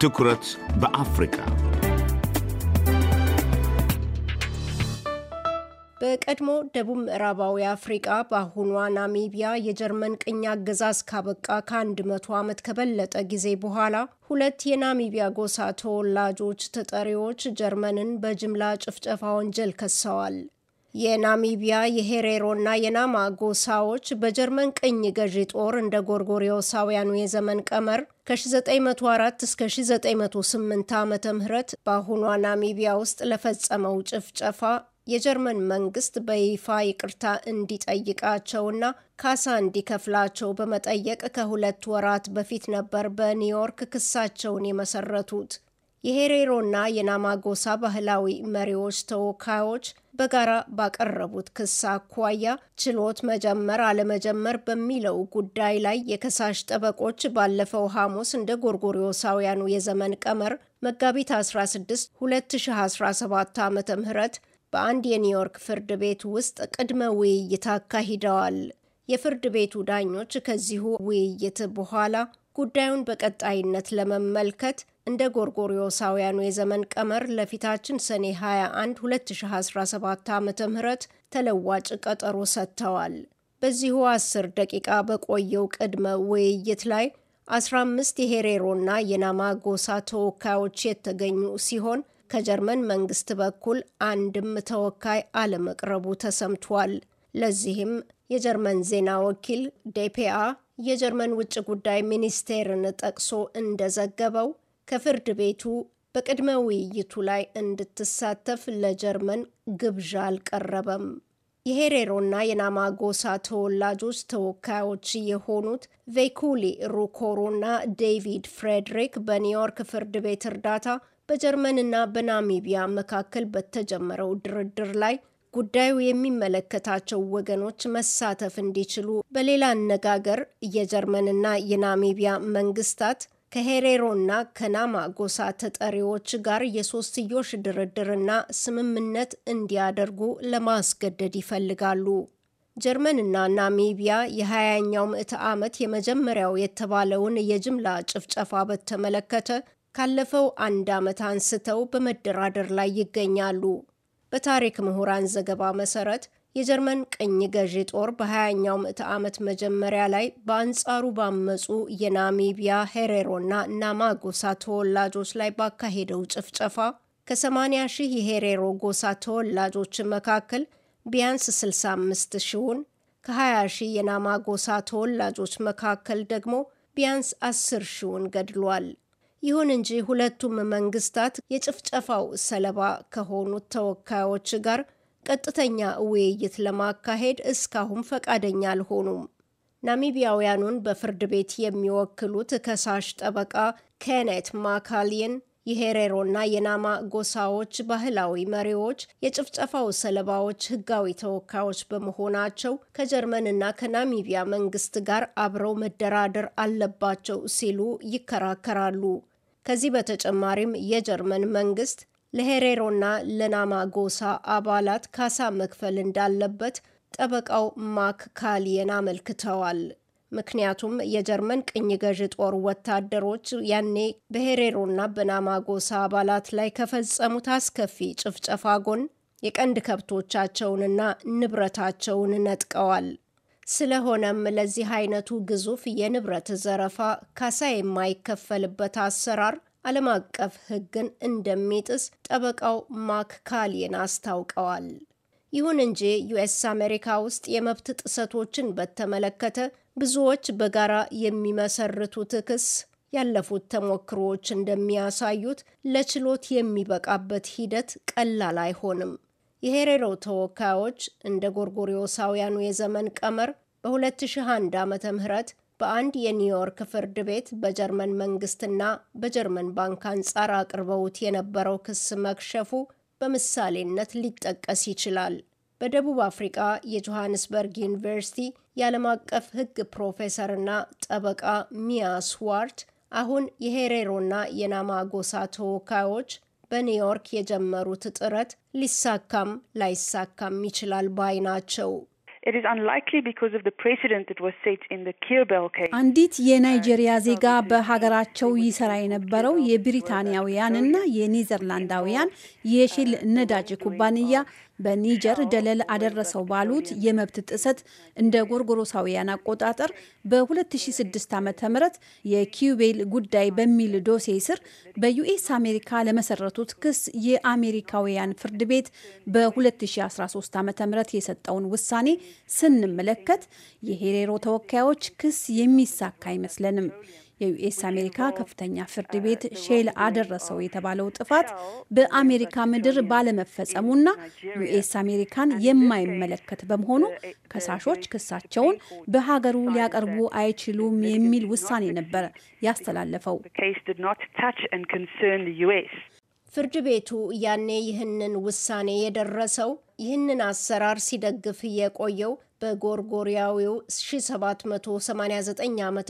ትኩረት በአፍሪካ በቀድሞ ደቡብ ምዕራባዊ አፍሪቃ በአሁኗ ናሚቢያ የጀርመን ቅኝ አገዛዝ ካበቃ ከ100 ዓመት ከበለጠ ጊዜ በኋላ ሁለት የናሚቢያ ጎሳ ተወላጆች ተጠሪዎች ጀርመንን በጅምላ ጭፍጨፋ ወንጀል ከሰዋል። የናሚቢያ የሄሬሮና የናማ ጎሳዎች በጀርመን ቅኝ ገዢ ጦር እንደ ጎርጎሪዮሳውያኑ የዘመን ቀመር ከ1904 እስከ 1908 ዓ ም በአሁኗ ናሚቢያ ውስጥ ለፈጸመው ጭፍጨፋ የጀርመን መንግስት በይፋ ይቅርታ እንዲጠይቃቸውና ካሳ እንዲከፍላቸው በመጠየቅ ከሁለት ወራት በፊት ነበር በኒውዮርክ ክሳቸውን የመሰረቱት። የሄሬሮና የናማጎሳ ባህላዊ መሪዎች ተወካዮች በጋራ ባቀረቡት ክስ አኳያ ችሎት መጀመር አለመጀመር በሚለው ጉዳይ ላይ የከሳሽ ጠበቆች ባለፈው ሐሙስ እንደ ጎርጎሪዮሳውያኑ የዘመን ቀመር መጋቢት 16 2017 ዓ ም በአንድ የኒውዮርክ ፍርድ ቤት ውስጥ ቅድመ ውይይት አካሂደዋል። የፍርድ ቤቱ ዳኞች ከዚሁ ውይይት በኋላ ጉዳዩን በቀጣይነት ለመመልከት እንደ ጎርጎሪዮሳውያኑ የዘመን ቀመር ለፊታችን ሰኔ 21 2017 ዓ ም ተለዋጭ ቀጠሮ ሰጥተዋል። በዚሁ 10 ደቂቃ በቆየው ቅድመ ውይይት ላይ 15 የሄሬሮና የናማ ጎሳ ተወካዮች የተገኙ ሲሆን ከጀርመን መንግስት በኩል አንድም ተወካይ አለመቅረቡ ተሰምቷል። ለዚህም የጀርመን ዜና ወኪል ዴፔአ የጀርመን ውጭ ጉዳይ ሚኒስቴርን ጠቅሶ እንደዘገበው ከፍርድ ቤቱ በቅድመ ውይይቱ ላይ እንድትሳተፍ ለጀርመን ግብዣ አልቀረበም። የሄሬሮና የናማ ጎሳ ተወላጆች ተወካዮች የሆኑት ቬኩሊ ሩኮሮና ዴቪድ ፍሬድሪክ በኒውዮርክ ፍርድ ቤት እርዳታ በጀርመንና በናሚቢያ መካከል በተጀመረው ድርድር ላይ ጉዳዩ የሚመለከታቸው ወገኖች መሳተፍ እንዲችሉ፣ በሌላ አነጋገር የጀርመንና የናሚቢያ መንግስታት ከሄሬሮና ከናማ ጎሳ ተጠሪዎች ጋር የሶስትዮሽ ድርድርና ስምምነት እንዲያደርጉ ለማስገደድ ይፈልጋሉ። ጀርመንና ናሚቢያ የሀያኛው ምዕተ ዓመት የመጀመሪያው የተባለውን የጅምላ ጭፍጨፋ በተመለከተ ካለፈው አንድ ዓመት አንስተው በመደራደር ላይ ይገኛሉ። በታሪክ ምሁራን ዘገባ መሰረት የጀርመን ቅኝ ገዢ ጦር በ20ኛው ምዕተ ዓመት መጀመሪያ ላይ በአንጻሩ ባመጹ የናሚቢያ ሄሬሮና ጎሳ ተወላጆች ላይ ባካሄደው ጭፍጨፋ ከ80 ሺህ የሄሬሮ ጎሳ ተወላጆች መካከል ቢያንስ 65 ሺውን ከ20 ሺህ የናማ ጎሳ ተወላጆች መካከል ደግሞ ቢያንስ 10 ሺውን ገድሏል። ይሁን እንጂ ሁለቱም መንግስታት የጭፍጨፋው ሰለባ ከሆኑት ተወካዮች ጋር ቀጥተኛ ውይይት ለማካሄድ እስካሁን ፈቃደኛ አልሆኑም። ናሚቢያውያኑን በፍርድ ቤት የሚወክሉት ከሳሽ ጠበቃ ኬኔት ማካሊን የሄሬሮና የናማ ጎሳዎች ባህላዊ መሪዎች የጭፍጨፋው ሰለባዎች ህጋዊ ተወካዮች በመሆናቸው ከጀርመንና ከናሚቢያ መንግስት ጋር አብረው መደራደር አለባቸው ሲሉ ይከራከራሉ። ከዚህ በተጨማሪም የጀርመን መንግስት ለሄሬሮና ለናማ ጎሳ አባላት ካሳ መክፈል እንዳለበት ጠበቃው ማክ ካሊየን አመልክተዋል። ምክንያቱም የጀርመን ቅኝ ገዥ ጦር ወታደሮች ያኔ በሄሬሮና በናማ ጎሳ አባላት ላይ ከፈጸሙት አስከፊ ጭፍጨፋ ጎን የቀንድ ከብቶቻቸውንና ንብረታቸውን ነጥቀዋል። ስለሆነም ለዚህ አይነቱ ግዙፍ የንብረት ዘረፋ ካሳ የማይከፈልበት አሰራር ዓለም አቀፍ ሕግን እንደሚጥስ ጠበቃው ማክ ካሊን አስታውቀዋል። ይሁን እንጂ ዩኤስ አሜሪካ ውስጥ የመብት ጥሰቶችን በተመለከተ ብዙዎች በጋራ የሚመሰርቱት ክስ ያለፉት ተሞክሮዎች እንደሚያሳዩት ለችሎት የሚበቃበት ሂደት ቀላል አይሆንም። የሄሬሮ ተወካዮች እንደ ጎርጎሪዮሳውያኑ የዘመን ቀመር በ2001 ዓ ም በአንድ የኒውዮርክ ፍርድ ቤት በጀርመን መንግስትና በጀርመን ባንክ አንጻር አቅርበውት የነበረው ክስ መክሸፉ በምሳሌነት ሊጠቀስ ይችላል። በደቡብ አፍሪቃ የጆሃንስበርግ ዩኒቨርሲቲ የዓለም አቀፍ ሕግ ፕሮፌሰርና ጠበቃ ሚያ ስዋርት አሁን የሄሬሮና የናማ ጎሳ ተወካዮች በኒውዮርክ የጀመሩት ጥረት ሊሳካም ላይሳካም ይችላል ባይ ናቸው። አንዲት የናይጄሪያ ዜጋ በሀገራቸው ይሰራ የነበረው የብሪታንያውያንና የኔዘርላንዳውያን የሼል ነዳጅ ኩባንያ በኒጀር ደለል አደረሰው ባሉት የመብት ጥሰት እንደ ጎርጎሮሳውያን አቆጣጠር በ2006 ዓ ም የኪዩቤል ጉዳይ በሚል ዶሴ ስር በዩኤስ አሜሪካ ለመሰረቱት ክስ የአሜሪካውያን ፍርድ ቤት በ2013 ዓ ም የሰጠውን ውሳኔ ስንመለከት የሄሬሮ ተወካዮች ክስ የሚሳካ አይመስለንም። የዩኤስ አሜሪካ ከፍተኛ ፍርድ ቤት ሼል አደረሰው የተባለው ጥፋት በአሜሪካ ምድር ባለመፈጸሙና ዩኤስ አሜሪካን የማይመለከት በመሆኑ ከሳሾች ክሳቸውን በሀገሩ ሊያቀርቡ አይችሉም የሚል ውሳኔ ነበር ያስተላለፈው። ፍርድ ቤቱ ያኔ ይህንን ውሳኔ የደረሰው ይህንን አሰራር ሲደግፍ የቆየው በጎርጎሪያዊው 1789 ዓ ም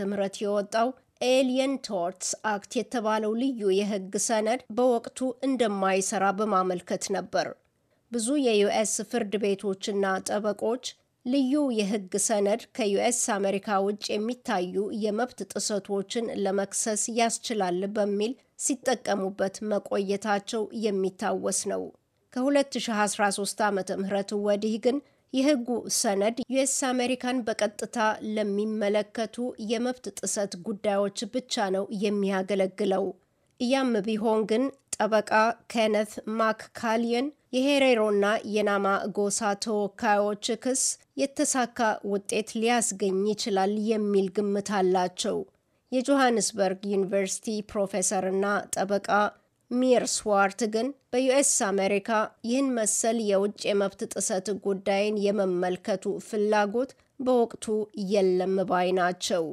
የወጣው ኤሊየን ቶርትስ አክት የተባለው ልዩ የህግ ሰነድ በወቅቱ እንደማይሰራ በማመልከት ነበር። ብዙ የዩኤስ ፍርድ ቤቶችና ጠበቆች ልዩ የህግ ሰነድ ከዩኤስ አሜሪካ ውጭ የሚታዩ የመብት ጥሰቶችን ለመክሰስ ያስችላል በሚል ሲጠቀሙበት መቆየታቸው የሚታወስ ነው። ከ2013 ዓ ም ወዲህ ግን የህጉ ሰነድ ዩኤስ አሜሪካን በቀጥታ ለሚመለከቱ የመብት ጥሰት ጉዳዮች ብቻ ነው የሚያገለግለው። እያም ቢሆን ግን ጠበቃ ኬነት ማክካሊየን የሄሬሮና የናማ ጎሳ ተወካዮች ክስ የተሳካ ውጤት ሊያስገኝ ይችላል የሚል ግምት አላቸው። የጆሃንስበርግ ዩኒቨርሲቲ ፕሮፌሰርና ጠበቃ ሚር ስዋርት ግን በዩኤስ አሜሪካ ይህን መሰል የውጭ የመብት ጥሰት ጉዳይን የመመልከቱ ፍላጎት በወቅቱ የለም ባይ ናቸው።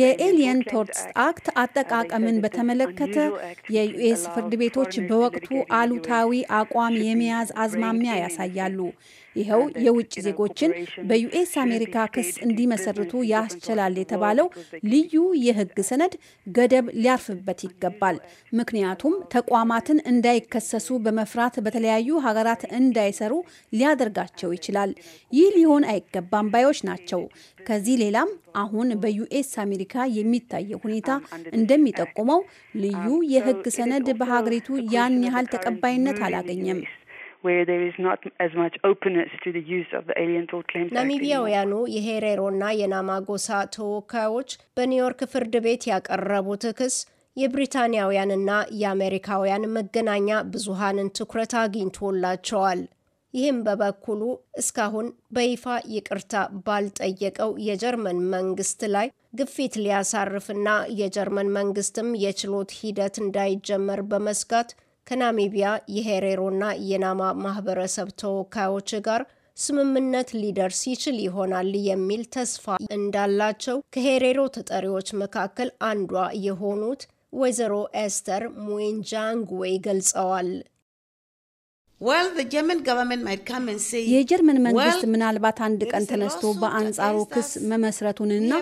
የኤሊየን ቶርትስ አክት አጠቃቀምን በተመለከተ የዩኤስ ፍርድ ቤቶች በወቅቱ አሉታዊ አቋም የመያዝ አዝማሚያ ያሳያሉ። ይኸው የውጭ ዜጎችን በዩኤስ አሜሪካ ክስ እንዲመሰርቱ ያስችላል የተባለው ልዩ የህግ ሰነድ ገደብ ሊያርፍበት ይገባል። ምክንያቱም ተቋማትን እንዳይከሰሱ በመፍራት በተለያዩ ሀገራት እንዳይሰሩ ሊያደርጋቸው ይችላል። ይህ ሊሆን አይገባም ባዮች ናቸው። ከዚህ ሌላም አሁን በዩኤስ አሜሪካ የሚታየው ሁኔታ um, እንደሚጠቁመው ልዩ um, የህግ ሰነድ በሀገሪቱ ያን ያህል ተቀባይነት አላገኘም። where there is not as much openness to the use of the Alien Tort Claims Act. ናሚቢያውያኑ የሄሬሮና የናማጎሳ ተወካዮች በኒውዮርክ ፍርድ ቤት ያቀረቡት ክስ የብሪታንያውያንና የአሜሪካውያን መገናኛ ብዙሃንን ትኩረት አግኝቶላቸዋል። ይህም በበኩሉ እስካሁን በይፋ ይቅርታ ባልጠየቀው የጀርመን መንግስት ላይ ግፊት ሊያሳርፍና የጀርመን መንግስትም የችሎት ሂደት እንዳይጀመር በመስጋት ከናሚቢያ የሄሬሮና የናማ ማህበረሰብ ተወካዮች ጋር ስምምነት ሊደርስ ይችል ይሆናል የሚል ተስፋ እንዳላቸው ከሄሬሮ ተጠሪዎች መካከል አንዷ የሆኑት ወይዘሮ ኤስተር ሙዌንጃንግዌ ገልጸዋል። የጀርመን መንግስት ምናልባት አንድ ቀን ተነስቶ በአንጻሩ ክስ መመስረቱንና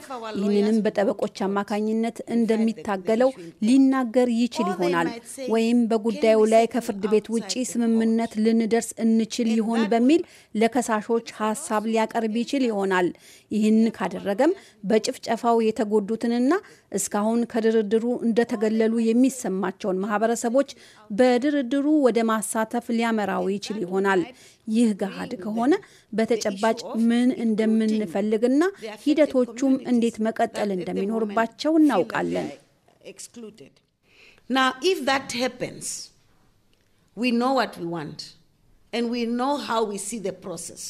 ይህንንም በጠበቆች አማካኝነት እንደሚታገለው ሊናገር ይችል ይሆናል። ወይም በጉዳዩ ላይ ከፍርድ ቤት ውጪ ስምምነት ልንደርስ እንችል ይሆን በሚል ለከሳሾች ሀሳብ ሊያቀርብ ይችል ይሆናል። ይህን ካደረገም በጭፍጨፋው የተጎዱትንና እስካሁን ከድርድሩ እንደተገለሉ የሚሰማቸውን ማህበረሰቦች በድርድሩ ወደ ማሳተፍ ሊያመራው ይችል ይሆናል። ይህ ገሃድ ከሆነ በተጨባጭ ምን እንደምንፈልግና ሂደቶቹም እንዴት መቀጠል እንደሚኖርባቸው እናውቃለን። we know how we see the process.